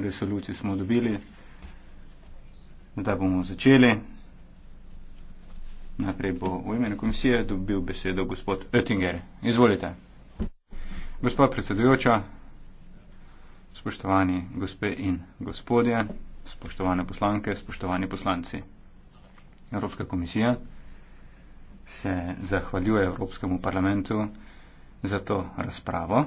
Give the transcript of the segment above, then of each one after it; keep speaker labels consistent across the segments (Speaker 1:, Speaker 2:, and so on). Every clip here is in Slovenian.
Speaker 1: resolucijo smo dobili. Zdaj bomo začeli. Najprej bo v imenu komisije dobil besedo gospod Oettinger. Izvolite. Gospod predsedujoča, spoštovani gospe in gospodje, spoštovane poslanke, spoštovani poslanci. Evropska komisija se zahvaljuje Evropskemu parlamentu za to razpravo,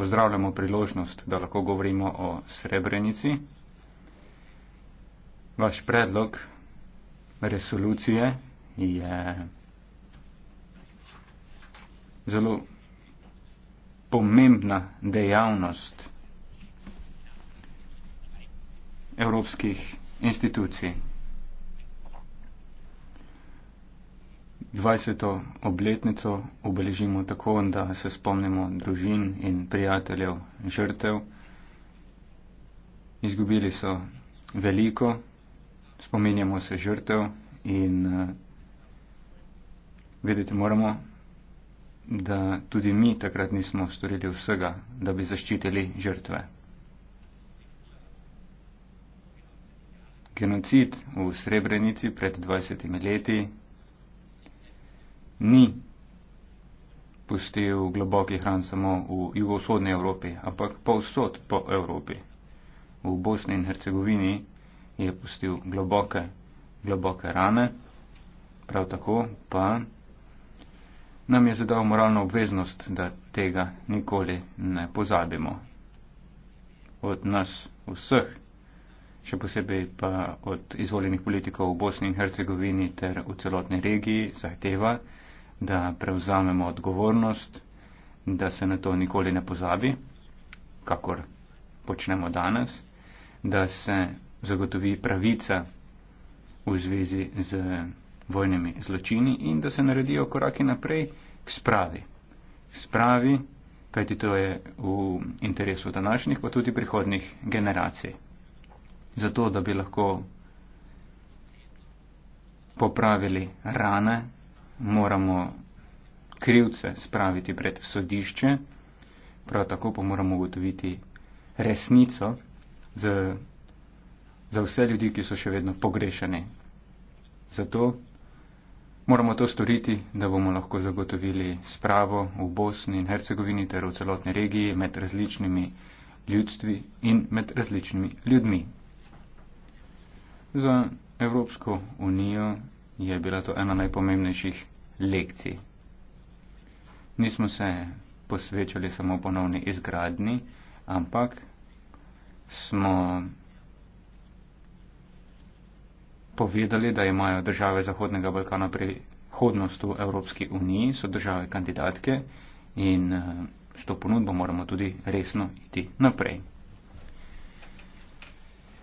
Speaker 1: pozdravljamo priložnost, da lahko govorimo o Srebrenici. Vaš predlog resolucije je zelo pomembna dejavnost evropskih institucij. 20. obletnico obeležimo tako, da se spomnimo družin in prijateljev žrtev. Izgubili so veliko, spominjamo se žrtev in uh, vedeti moramo, da tudi mi takrat nismo storili vsega, da bi zaščitili žrtve. Genocid v Srebrenici pred 20 leti ni pustil globoki hran samo v jugovzhodni Evropi, ampak pa vsod po Evropi. V Bosni in Hercegovini je pustil globoke, globoke rane, prav tako pa nam je zadal moralno obveznost, da tega nikoli ne pozabimo. Od nas vseh, še posebej pa od izvoljenih politikov v Bosni in Hercegovini ter v celotni regiji, zahteva, da prevzamemo odgovornost, da se na to nikoli ne pozabi, kakor počnemo danes, da se zagotovi pravica v zvezi z vojnimi zločini in da se naredijo koraki naprej k spravi. K spravi, kajti to je v interesu današnjih, pa tudi prihodnih generacij. Zato, da bi lahko popravili rane moramo krivce spraviti pred sodišče, prav tako pa moramo ugotoviti resnico za, za vse ljudi, ki so še vedno pogrešani. Zato moramo to storiti, da bomo lahko zagotovili spravo v Bosni in Hercegovini ter v celotni regiji med različnimi ljudstvi in med različnimi ljudmi. Za Evropsko unijo je bila to ena najpomembnejših lekcij. Nismo se posvečali samo ponovni izgradni, ampak smo povedali, da imajo države Zahodnega Balkana prihodnost v Evropski uniji, so države kandidatke in eh, s to ponudbo moramo tudi resno iti naprej.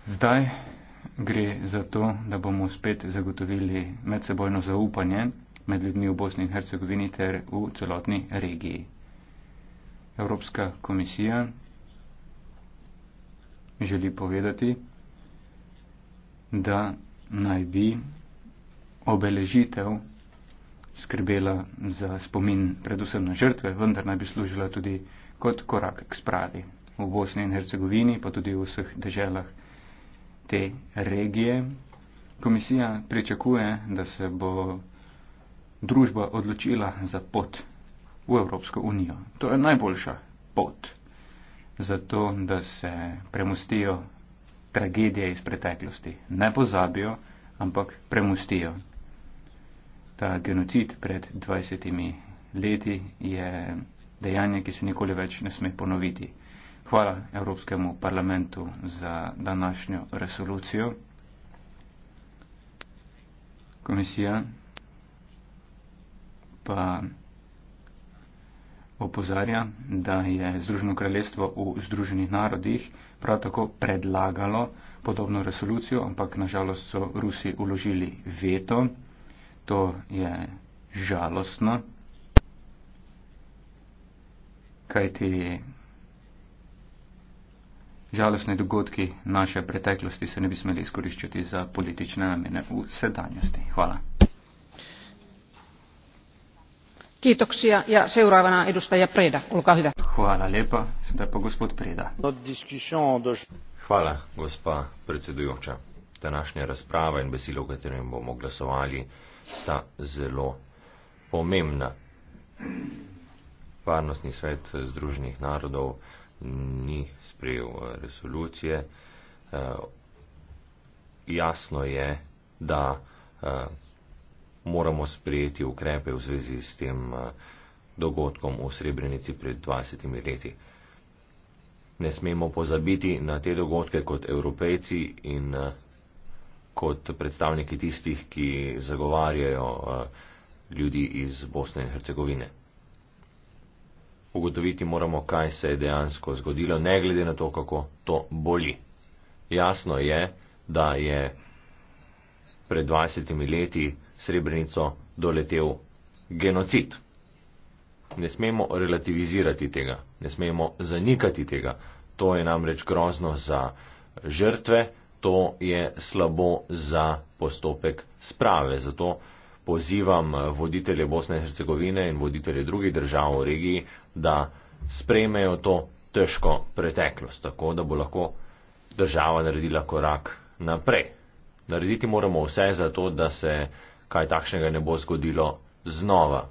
Speaker 1: Zdaj gre za to, da bomo spet zagotovili medsebojno zaupanje med ljudmi v Bosni in Hercegovini ter v celotni regiji. Evropska komisija želi povedati, da naj bi obeležitev skrbela za spomin predvsem na žrtve, vendar naj bi služila tudi kot korak k spravi. V Bosni in Hercegovini, pa tudi v vseh deželah te regije, komisija pričakuje, da se bo družba odločila za pot v Evropsko unijo. To je najboljša pot za to, da se premustijo tragedije iz preteklosti. Ne pozabijo, ampak premustijo. Ta genocid pred 20 leti je dejanje, ki se nikoli več ne sme ponoviti. Hvala Evropskemu parlamentu za današnjo resolucijo. Komisija pa opozarja, da je Združeno kraljestvo v Združenih narodih prav tako predlagalo podobno resolucijo, ampak nažalost so Rusi uložili veto. To je žalostno, kajti žalostni dogodki naše preteklosti se ne bi smeli izkoriščati za politične namene v sedanjosti. Hvala.
Speaker 2: Ja
Speaker 3: današnja razprava in besedilo, o katerem bomo glasovali, sta zelo pomembna. Varnostni svet Združenih narodov ni sprejel eh, resolucije. Eh, jasno je, da eh, moramo sprejeti ukrepe v zvezi s tem eh, dogodkom v Srebrenici pred 20 leti. Ne smemo pozabiti na te dogodke kot evropejci in eh, kot predstavniki tistih, ki zagovarjajo eh, ljudi iz Bosne in Hercegovine. Ugotoviti moramo, kaj se je dejansko zgodilo, ne glede na to, kako to boli. Jasno je, da je pred 20 leti Srebrenico doletel genocid. Ne smemo relativizirati tega, ne smemo zanikati tega. To je namreč grozno za žrtve, to je slabo za postopek sprave. Zato pozivam voditelje Bosne in Hercegovine in voditelje drugih držav v regiji, da sprejmejo to težko preteklost, tako da bo lahko država naredila korak naprej. Narediti moramo vse za to, da se kaj takšnega ne bo zgodilo znova.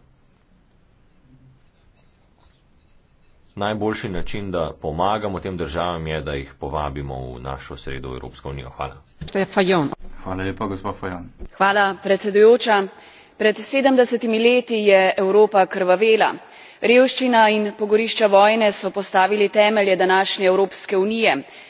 Speaker 3: Najboljši način, da pomagamo tem državam, je, da jih povabimo v našo sredo Evropsko unijo. Hvala. Hvala lepa, gospod Fajon.
Speaker 4: Hvala, predsedujoča. Pred 70 leti je Evropa krvavela. Revščina in pogorišča vojne so postavili temelje današnje Evropske unije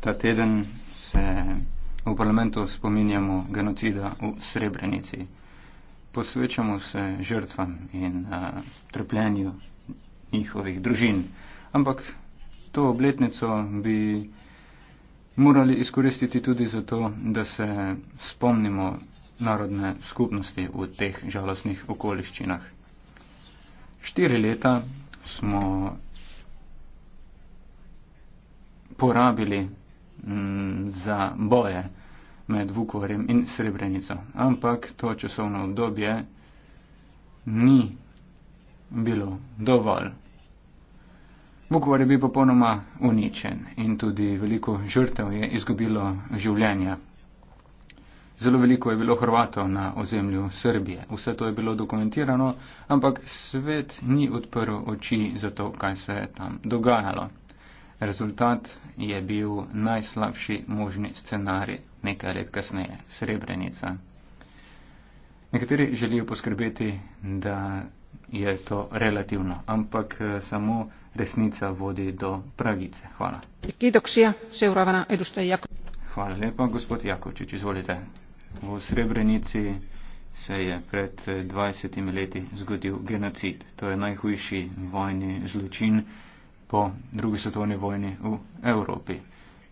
Speaker 1: ta teden se v parlamentu spominjamo genocida v Srebrenici. Posvečamo se žrtvam in uh, trpljenju njihovih družin. Ampak to obletnico bi morali izkoristiti tudi zato, da se spomnimo narodne skupnosti v teh žalostnih okoliščinah. Štiri leta smo porabili Mm, za boje med Vukovarjem in Srebrenico. Ampak to časovno obdobje ni bilo dovolj. Vukovar je bil popolnoma uničen in tudi veliko žrtev je izgubilo življenja. Zelo veliko je bilo Hrvatov na ozemlju Srbije. Vse to je bilo dokumentirano, ampak svet ni odprl oči za to, kaj se je tam dogajalo. Rezultat je bil najslabši možni scenarij nekaj let kasneje, Srebrenica. Nekateri želijo poskrbeti, da je to relativno, ampak eh, samo resnica vodi do pravice. Hvala. Hvala lepa, gospod Jakovčič, izvolite. V Srebrenici se je pred 20 eh, leti zgodil genocid. To je najhujši vojni zločin, po drugi svetovni vojni v Evropi.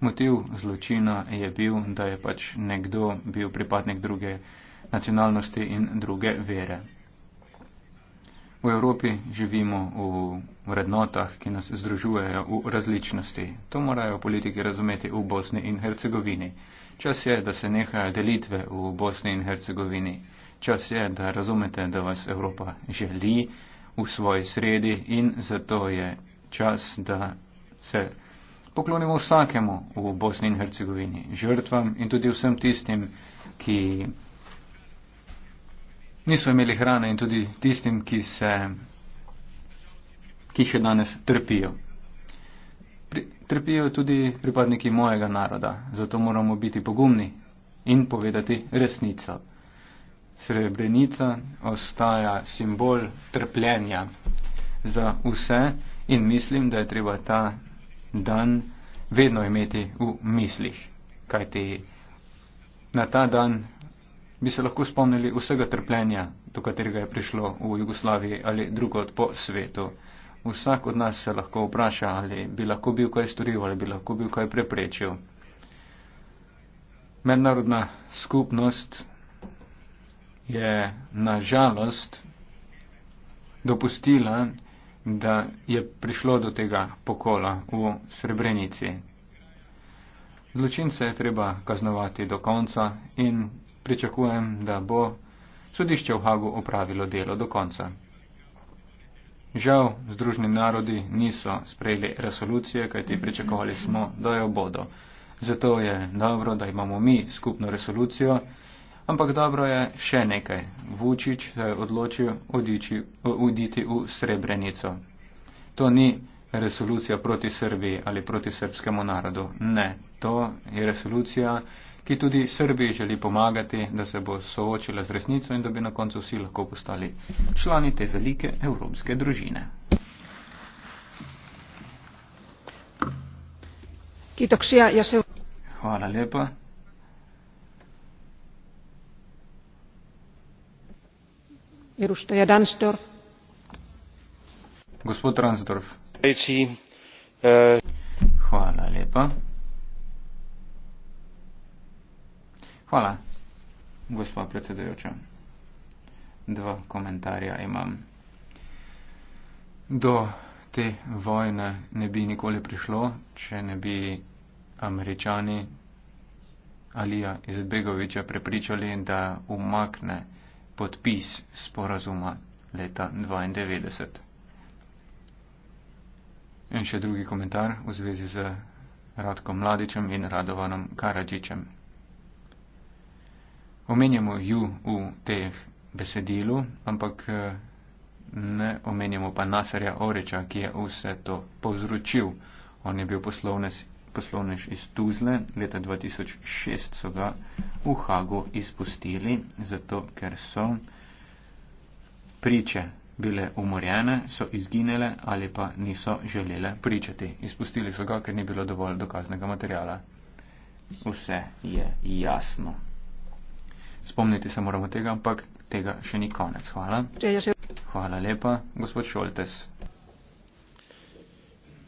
Speaker 1: Motiv zločina je bil, da je pač nekdo bil pripadnik druge nacionalnosti in druge vere. V Evropi živimo v vrednotah, ki nas združujejo v različnosti. To morajo politiki razumeti v Bosni in Hercegovini. Čas je, da se nehajo delitve v Bosni in Hercegovini. Čas je, da razumete, da vas Evropa želi v svoji sredi in zato je čas, da se poklonimo vsakemu v Bosni in Hercegovini, žrtvam in tudi vsem tistim, ki niso imeli hrane in tudi tistim, ki, se, ki še danes trpijo. Pri, trpijo tudi pripadniki mojega naroda, zato moramo biti pogumni in povedati resnico. Srebrenica ostaja simbol trpljenja za vse, in mislim, da je treba ta dan vedno imeti v mislih, kajti na ta dan bi se lahko spomnili vsega trpljenja, do katerega je prišlo v Jugoslaviji ali drugod po svetu. Vsak od nas se lahko vpraša, ali bi lahko bil kaj storil, ali bi lahko bil kaj preprečil. Mednarodna skupnost je na žalost dopustila, da je prišlo do tega pokola v Srebrenici. Zločince je treba kaznovati do konca in pričakujem, da bo sodišče v Hagu opravilo delo do konca. Žal, Združeni narodi niso sprejeli resolucije, kajti pričakovali smo, da jo bodo. Zato je dobro, da imamo mi skupno resolucijo. Ampak dobro je še nekaj. Vučić se je odločil oditi v Srebrenico. To ni resolucija proti Srbiji ali proti srpskemu narodu. Ne, to je resolucija, ki tudi Srbiji želi pomagati, da se bo soočila z resnico in da bi na koncu vsi lahko postali člani te velike evropske družine.
Speaker 2: Ja
Speaker 1: Hvala lepa. Eh. Hvala lepa. Hvala, gospa predsedujoča. Dva komentarja imam. Do te vojne ne bi nikoli prišlo, če ne bi američani Alija Izbegoviča prepričali, da umakne podpis sporazuma leta 92. In še drugi komentar v zvezi z Radkom Mladičem in Radovanom Karadžičem. Omenjamo ju v teh besedilu, ampak ne omenjamo pa Nasarja Oreča, ki je vse to povzročil. On je bil poslovnec poslovnež iz Tuzle, leta 2006 so ga v Hagu izpustili, zato ker so priče bile umorjene, so izginile ali pa niso želele pričati. Izpustili so ga, ker ni bilo dovolj dokaznega materijala. Vse je jasno. Spomniti se moramo tega, ampak tega še ni konec. Hvala. Hvala lepa, gospod Šoltes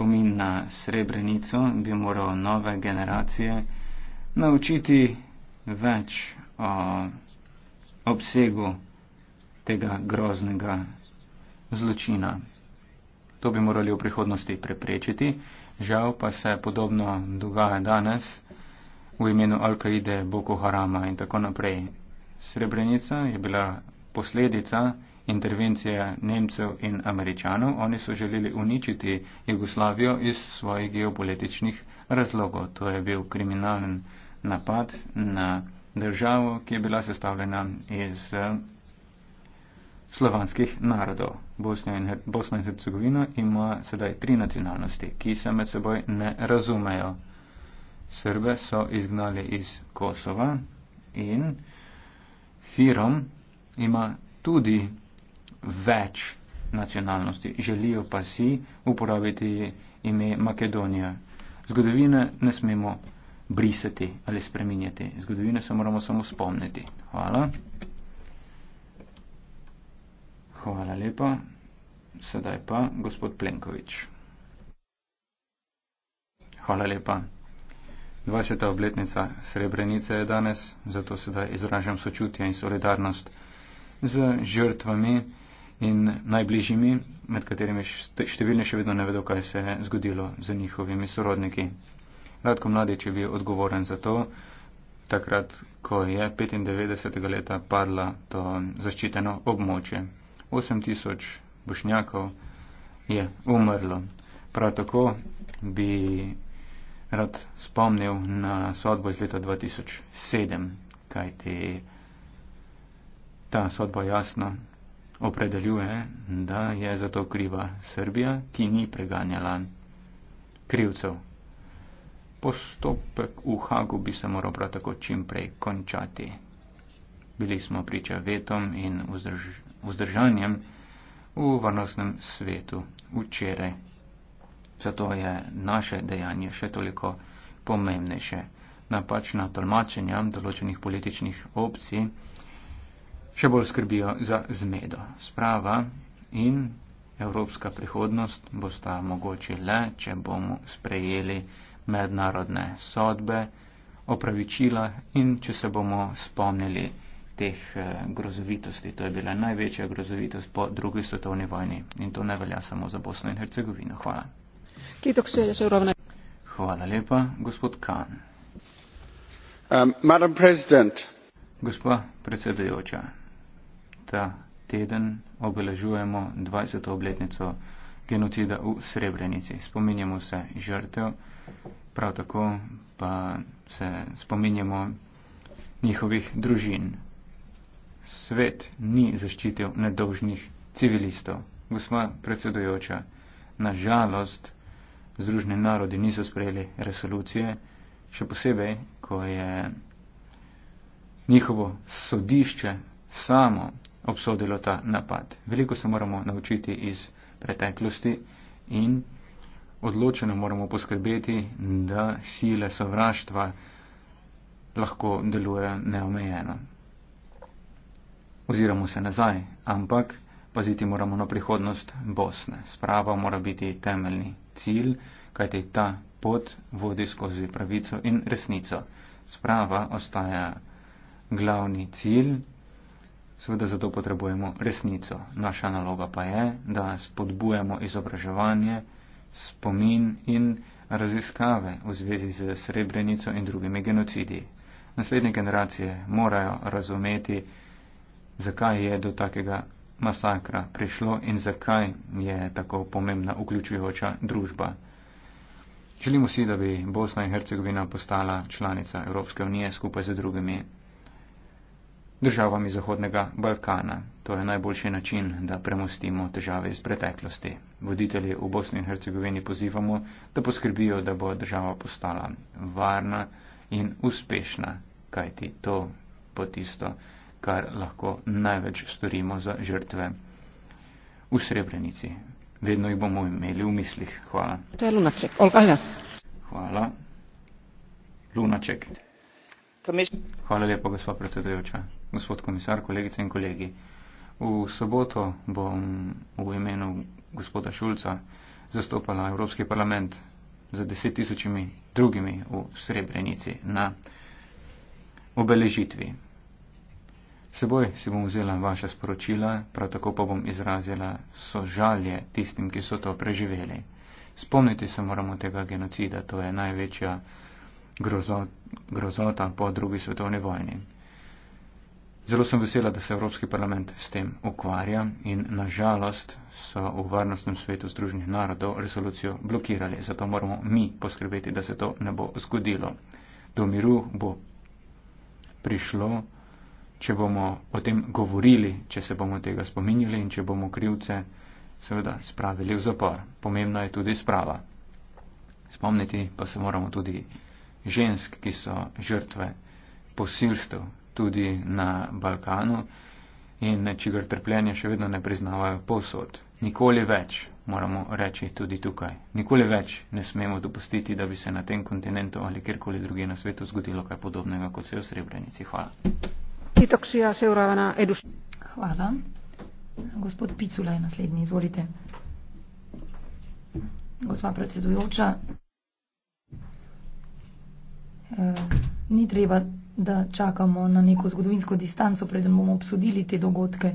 Speaker 1: spomin na Srebrenico, bi moral nove generacije naučiti več o obsegu tega groznega zločina. To bi morali v prihodnosti preprečiti, žal pa se podobno dogaja danes v imenu Al-Kaide, Boko Harama in tako naprej. Srebrenica je bila posledica, intervencija Nemcev in Američanov. Oni so želeli uničiti Jugoslavijo iz svojih geopolitičnih razlogov. To je bil kriminalen napad na državo, ki je bila sestavljena iz eh, slovanskih narodov. Bosna in, Her Bosna in Hercegovina ima sedaj tri nacionalnosti, ki se med seboj ne razumejo. Srbe so izgnali iz Kosova in Firom ima tudi več nacionalnosti. Želijo pa si uporabiti ime Makedonija. Zgodovine ne smemo brisati ali spreminjati. Zgodovine se moramo samo spomniti. Hvala. Hvala lepa. Sedaj pa gospod Plenkovič. Hvala lepa. 20. obletnica Srebrenice je danes, zato sedaj izražam sočutje in solidarnost z žrtvami in najbližjimi, med katerimi številni še vedno ne vedo, kaj se je zgodilo z njihovimi sorodniki. Radko Mladič je bil odgovoren za to, takrat, ko je 95. leta padla to zaščiteno območje. 8 tisoč bošnjakov je umrlo. Prav tako bi rad spomnil na sodbo iz leta 2007, kajti ta sodba jasno opredeljuje, da je za to kriva Srbija, ki ni preganjala krivcev. Postopek v Hagu bi se moral prav tako čim prej končati. Bili smo priča vetom in vzdrž vzdržanjem v varnostnem svetu včeraj. Zato je naše dejanje še toliko pomembnejše. Napačna tolmačenja določenih političnih opcij še bolj skrbijo za zmedo. Sprava in evropska prihodnost bo sta mogoče le, če bomo sprejeli mednarodne sodbe, opravičila in če se bomo spomnili teh eh, grozovitosti. To je bila največja grozovitost po drugi svetovni vojni in to ne velja samo za Bosno in Hercegovino. Hvala.
Speaker 2: Ja,
Speaker 1: Hvala lepa, gospod Kahn. Um, Gospa predsedujoča ta teden obeležujemo 20. obletnico genocida v Srebrenici. Spominjamo se žrtev, prav tako pa se spominjamo njihovih družin. Svet ni zaščitil nedolžnih civilistov. Gospa predsedujoča, na žalost Združne narodi niso sprejeli resolucije, še posebej, ko je njihovo sodišče samo obsodilo ta napad. Veliko se moramo naučiti iz preteklosti in odločeno moramo poskrbeti, da sile sovraštva lahko delujejo neomejeno. Oziramo se nazaj, ampak paziti moramo na prihodnost Bosne. Sprava mora biti temeljni cilj, kajte ta pot vodi skozi pravico in resnico. Sprava ostaja glavni cilj, Seveda zato potrebujemo resnico. Naša naloga pa je, da spodbujamo izobraževanje, spomin in raziskave v zvezi z srebrenico in drugimi genocidi. Naslednje generacije morajo razumeti, zakaj je do takega masakra prišlo in zakaj je tako pomembna vključujoča družba. Želimo si, da bi Bosna in Hercegovina postala članica Evropske unije skupaj z drugimi državami Zahodnega Balkana. To je najboljši način, da premostimo težave iz preteklosti. Voditelji v Bosni in Hercegovini pozivamo, da poskrbijo, da bo država postala varna in uspešna, kajti to bo tisto, kar lahko največ storimo za žrtve v Srebrenici. Vedno jih bomo imeli v mislih. Hvala. To je Lunaček. Olga, ja. Hvala. Lunaček. Hvala lepa, gospod predsedujoča gospod komisar, kolegice in kolegi. V soboto bom v imenu gospoda Šulca zastopala Evropski parlament za deset tisočimi drugimi v Srebrenici na obeležitvi. Seboj si bom vzela vaša sporočila, prav tako pa bom izrazila sožalje tistim, ki so to preživeli. Spomniti se moramo tega genocida, to je največja grozo, grozota po drugi svetovni vojni. Zelo sem vesela, da se Evropski parlament s tem ukvarja in nažalost so v Varnostnem svetu Združenih narodov resolucijo blokirali. Zato moramo mi poskrbeti, da se to ne bo zgodilo. Do miru bo prišlo, če bomo o tem govorili, če se bomo tega spominjali in če bomo krivce seveda spravili v zapor. Pomembna je tudi sprava. Spomniti pa se moramo tudi žensk, ki so žrtve posilstv tudi na Balkanu in čigar trpljenje še vedno ne priznavajo povsod. Nikoli več, moramo reči tudi tukaj, nikoli več ne smemo dopustiti, da bi se na tem kontinentu ali kjerkoli drugje na svetu zgodilo kaj podobnega, kot se je v Srebrenici. Hvala.
Speaker 5: Hvala. Gospod Picula je naslednji, izvolite. Gospa predsedujoča. Uh ni treba, da čakamo na neko zgodovinsko distanco, preden bomo obsodili te dogodke.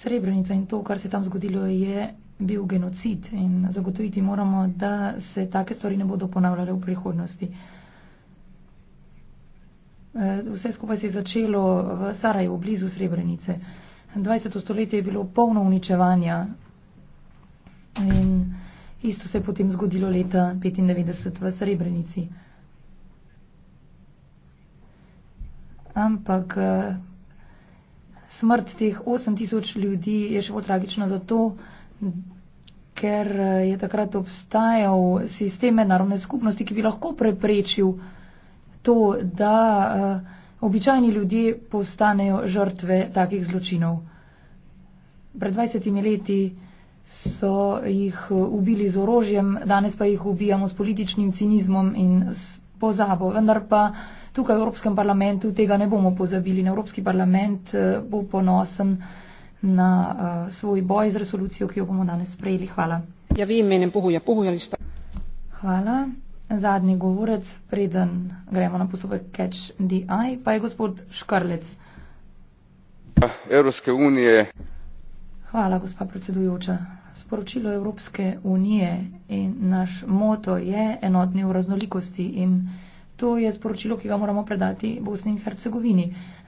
Speaker 5: Srebrenica in to, kar se tam zgodilo, je bil genocid in zagotoviti moramo, da se take stvari ne bodo ponavljale v prihodnosti. Eh, vse skupaj se je začelo v Sarajevu, blizu Srebrenice. 20. stoletje je bilo polno uničevanja in isto se je potem zgodilo leta 1995 v Srebrenici. ampak eh, smrt teh 8000 ljudi je še bolj tragična zato, ker eh, je takrat obstajal sisteme narodne skupnosti, ki bi lahko preprečil to, da eh, običajni ljudje postanejo žrtve takih zločinov. Pred 20 leti so jih ubili z orožjem, danes pa jih ubijamo s političnim cinizmom in s pozabo. Vendar pa tukaj v Evropskem parlamentu tega ne bomo pozabili. Na Evropski parlament eh, bo ponosen na uh, svoj boj z resolucijo, ki jo bomo danes sprejeli. Hvala. Ja, vi menim, pohuja, pohuja Hvala. Zadnji govorec, preden gremo na postopek Catch the Eye, pa je gospod Škrlec.
Speaker 1: Evropske unije.
Speaker 5: Hvala, gospa predsedujoča. Sporočilo Evropske unije in naš moto je enotni v raznolikosti in raznolikosti. To je sporočilo, ki ga moramo predati Bosni in Hercegovini,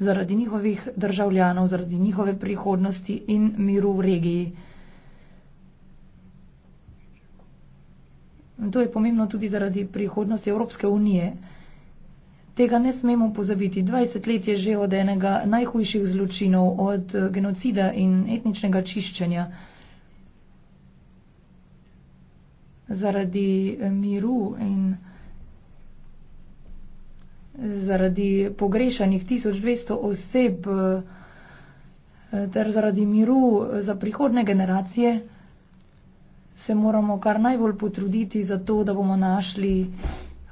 Speaker 5: zaradi njihovih državljanov, zaradi njihove prihodnosti in miru v regiji. To je pomembno tudi zaradi prihodnosti Evropske unije. Tega ne smemo pozabiti. 20 let je že od enega najhujših zločinov, od genocida in etničnega čiščenja. Zaradi miru in zaradi pogrešanih 1200 oseb eh, ter zaradi miru eh, za prihodne generacije se moramo kar najbolj potruditi za to, da bomo našli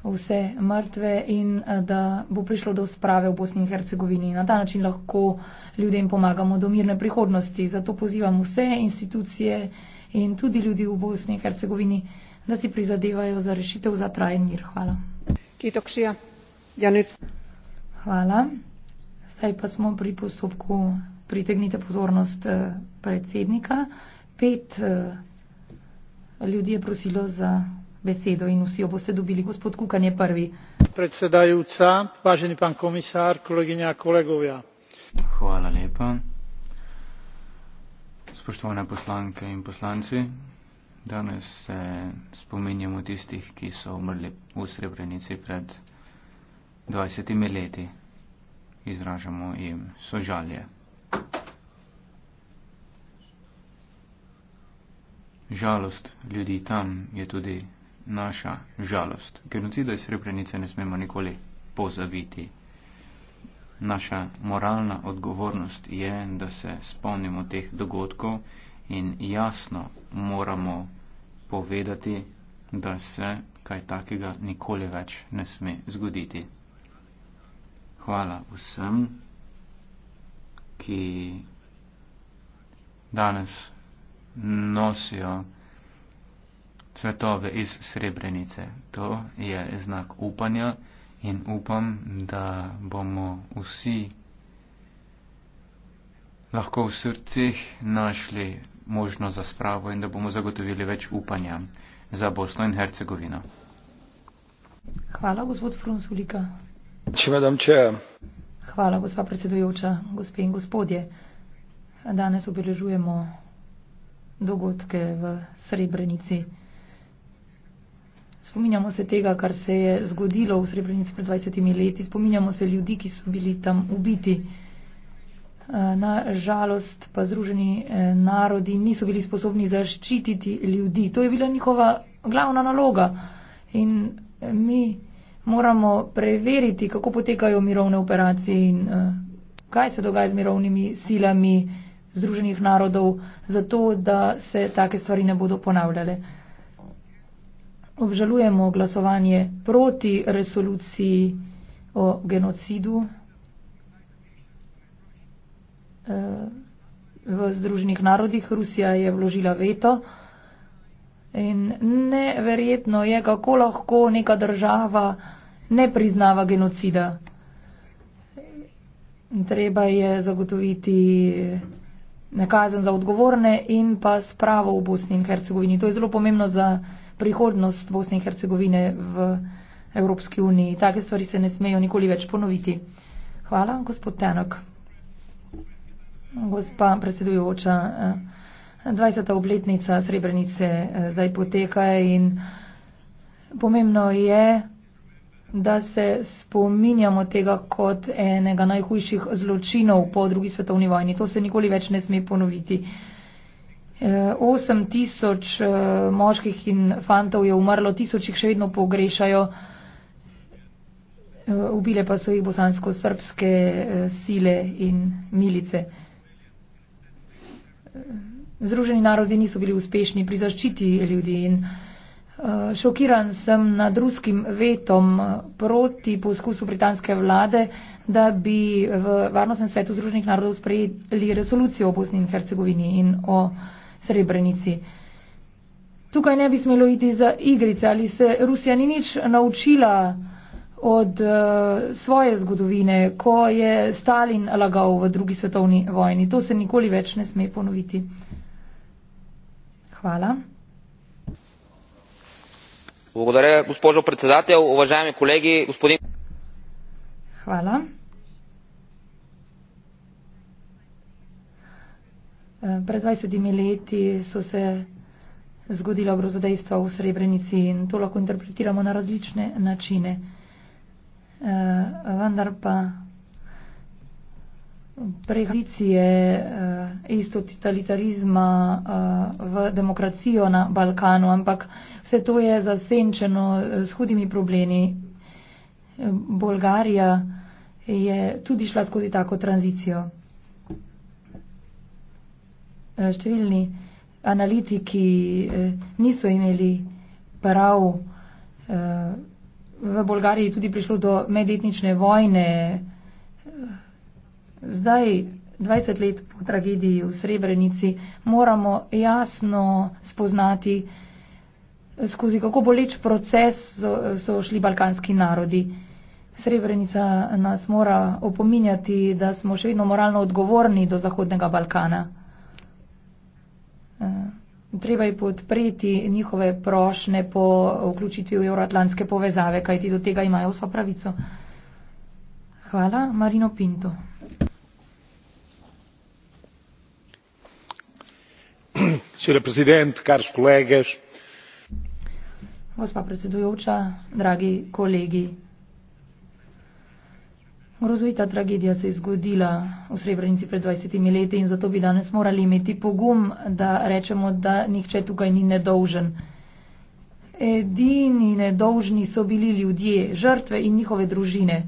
Speaker 5: vse mrtve in eh, da bo prišlo do sprave v Bosni in Hercegovini. Na ta način lahko ljudem pomagamo do mirne prihodnosti. Zato pozivam vse institucije in tudi ljudi v Bosni in Hercegovini, da si prizadevajo za rešitev za trajen mir. Hvala. Kitoksia. Ja, Hvala. Zdaj pa smo pri postopku. Pritegnite pozornost eh, predsednika. Pet eh, ljudi je prosilo za besedo in vsi jo boste dobili. Gospod Kukan je prvi.
Speaker 6: Predsedajuca, važeni pan komisar, koleginja, kolegovja. Hvala lepa.
Speaker 1: Spoštovane poslanke in poslanci, danes se spominjamo tistih, ki so umrli v Srebrenici pred 20 leti izražamo jim sožalje. Žalost ljudi tam je tudi naša žalost. Genocida iz Srebrenice ne smemo nikoli pozabiti. Naša moralna odgovornost je, da se spomnimo teh dogodkov in jasno moramo povedati, da se kaj takega nikoli več ne sme zgoditi hvala vsem, ki danes nosijo cvetove iz srebrenice. To je znak upanja in upam, da bomo vsi lahko v srcih našli možnost za spravo in da bomo zagotovili več upanja za Bosno in Hercegovino.
Speaker 5: Hvala, gospod Frunzulika. Hvala, gospa predsedujoča, gospe in gospodje. Danes obeležujemo dogodke v Srebrenici. Spominjamo se tega, kar se je zgodilo v Srebrenici pred 20 leti, spominjamo se ljudi, ki so bili tam ubiti. Eh, na žalost pa združeni eh, narodi niso bili sposobni zaščititi ljudi. To je bila njihova glavna naloga. In eh, mi moramo preveriti, kako potekajo mirovne operacije in uh, kaj se dogaja z mirovnimi silami Združenih narodov, zato da se take stvari ne bodo ponavljale. Obžalujemo glasovanje proti resoluciji o genocidu eh, v Združenih narodih. Rusija je vložila veto. In neverjetno je, kako lahko neka država ne priznava genocida. Treba je zagotoviti nekazen eh, za odgovorne in pa spravo v Bosni in Hercegovini. To je zelo pomembno za prihodnost Bosne in Hercegovine v Evropski uniji. Take stvari se ne smejo nikoli več ponoviti. Hvala, gospod Tenok. Gospa predsedujoča. Eh. 20. obletnica Srebrenice eh, zdaj poteka in pomembno je, da se spominjamo tega kot enega najhujših zločinov po drugi svetovni vojni. To se nikoli več ne sme ponoviti. 8 eh, tisoč eh, moških in fantov je umrlo, tisoč jih še vedno pogrešajo, ubile pa so jih bosansko-srpske sile in milice. Združeni narodi niso bili uspešni pri zaščiti ljudi in eh, šokiran sem nad ruskim vetom eh, proti poskusu britanske vlade, da bi v Varnostnem svetu Združenih narodov sprejeli resolucijo o Bosni in Hercegovini in o Srebrenici. Tukaj ne bi smelo iti za igrice, ali se Rusija ni nič naučila od eh, svoje zgodovine, ko je Stalin lagal v drugi svetovni vojni. To se nikoli več ne sme ponoviti.
Speaker 2: Благодаря, госпожо председател. Уважаеми колеги, господин...
Speaker 5: Hvala. Pred 20 leti so se zgodila grozodejstva v Srebrenici in to lahko interpretiramo na različne načine. Vendar pa tranzicije eh, iz totalitarizma eh, v demokracijo na Balkanu, ampak vse to je zasenčeno eh, s hudimi problemi. Eh, Bolgarija je tudi šla skozi tako tranzicijo. Eh, številni analitiki eh, niso imeli prav. Eh, v Bolgariji tudi prišlo do medetnične vojne. Eh, Zdaj, 20 let po tragediji v Srebrenici, moramo jasno spoznati, eh, skozi kako boleč proces so, eh, so šli balkanski narodi. Srebrenica nas mora opominjati, da smo še vedno moralno odgovorni do Zahodnega Balkana. Eh, treba je podpreti njihove prošne po vključitvi v euroatlantske povezave, kajti do tega imajo vso pravico. Hvala, Marino Pinto. gospa predsedujoča dragi kolegi grozovita tragedija se je zgodila v srebrenici pred dvajsetimi leti in zato bi danes morali imeti pogum da rečemo da nihče tukaj ni nedolžen edini nedolžni so bili ljudje žrtve in njihove družine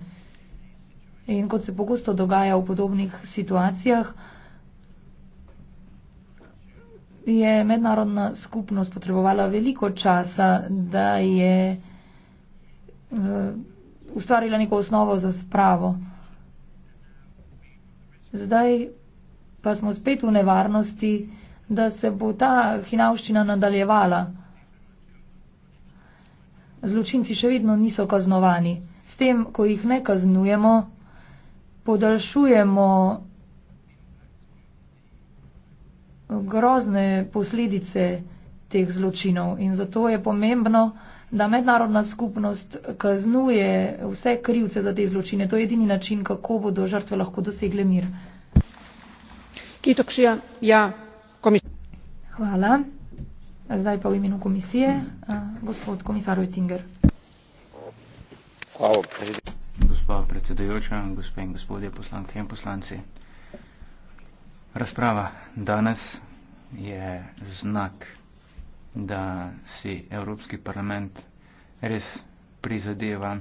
Speaker 5: in kot se pogosto dogaja v podobnih situacijah je mednarodna skupnost potrebovala veliko časa, da je eh, ustvarila neko osnovo za spravo. Zdaj pa smo spet v nevarnosti, da se bo ta hinavščina nadaljevala. Zločinci še vedno niso kaznovani. S tem, ko jih ne kaznujemo, podaljšujemo grozne posledice teh zločinov. In zato je pomembno, da mednarodna skupnost kaznuje vse krivce za te zločine. To je edini način, kako bodo žrtve lahko dosegle mir. Kitokšija, ja, komisija. Hvala. Zdaj pa v imenu komisije, gospod komisar Oettinger.
Speaker 1: Hvala, predsedujoča, gospe in gospodje, poslanke in poslanci. Razprava danes je znak, da si Evropski parlament res prizadeva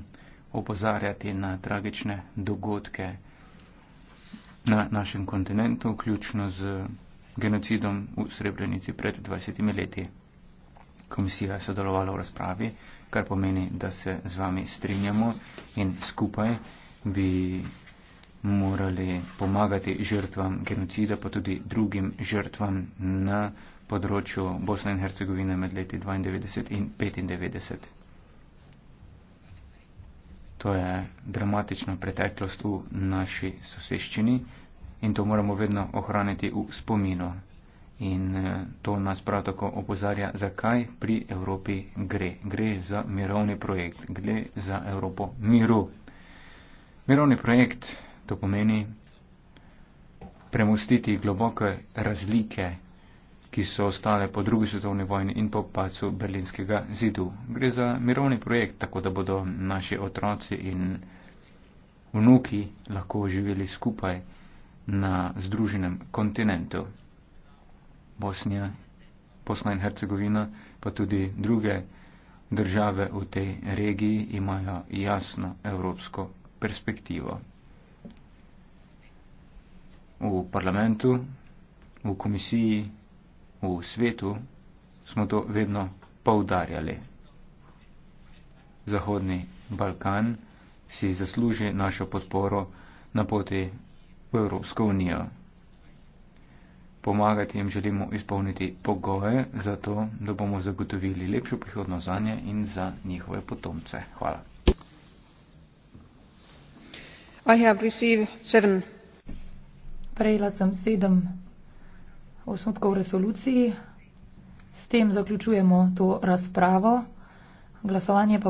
Speaker 1: opozarjati na tragične dogodke na našem kontinentu, vključno z genocidom v Srebrenici pred 20 leti. Komisija je sodelovala v razpravi, kar pomeni, da se z vami strinjamo in skupaj bi morali pomagati žrtvam genocida, pa tudi drugim žrtvam na področju Bosne in Hercegovine med leti 92 in 95. To je dramatična preteklost v naši soseščini in to moramo vedno ohraniti v spominu. In eh, to nas prav tako opozarja, zakaj pri Evropi gre. Gre za mirovni projekt, gre za Evropo miru. Mirovni projekt To pomeni premustiti globoke razlike, ki so ostale po drugi svetovni vojni in po pacu berlinskega zidu. Gre za mirovni projekt, tako da bodo naši otroci in vnuki lahko živeli skupaj na združenem kontinentu. Bosnija, Bosna in Hercegovina, pa tudi druge države v tej regiji imajo jasno evropsko perspektivo v parlamentu, v komisiji, v svetu, smo to vedno poudarjali. Zahodni Balkan si zasluži našo podporo na poti v Evropsko unijo. Pomagati jim želimo izpolniti pogoje za to, da bomo zagotovili lepšo prihodnost za nje in za njihove potomce. Hvala.
Speaker 5: I have received seven prejela sem sedem osnotkov resoluciji. S tem zaključujemo to razpravo. Glasovanje pa